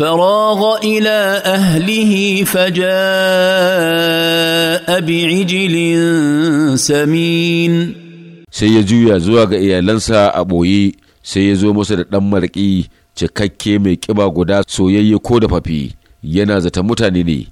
فراغ الى اهله فجاء بعجل سمين sai ya juya zuwa ga iyalansa a ɓoye sai ya zo masa da ɗan marƙi cikakke mai ƙiba guda soyayye ko da fafi yana zata mutane ne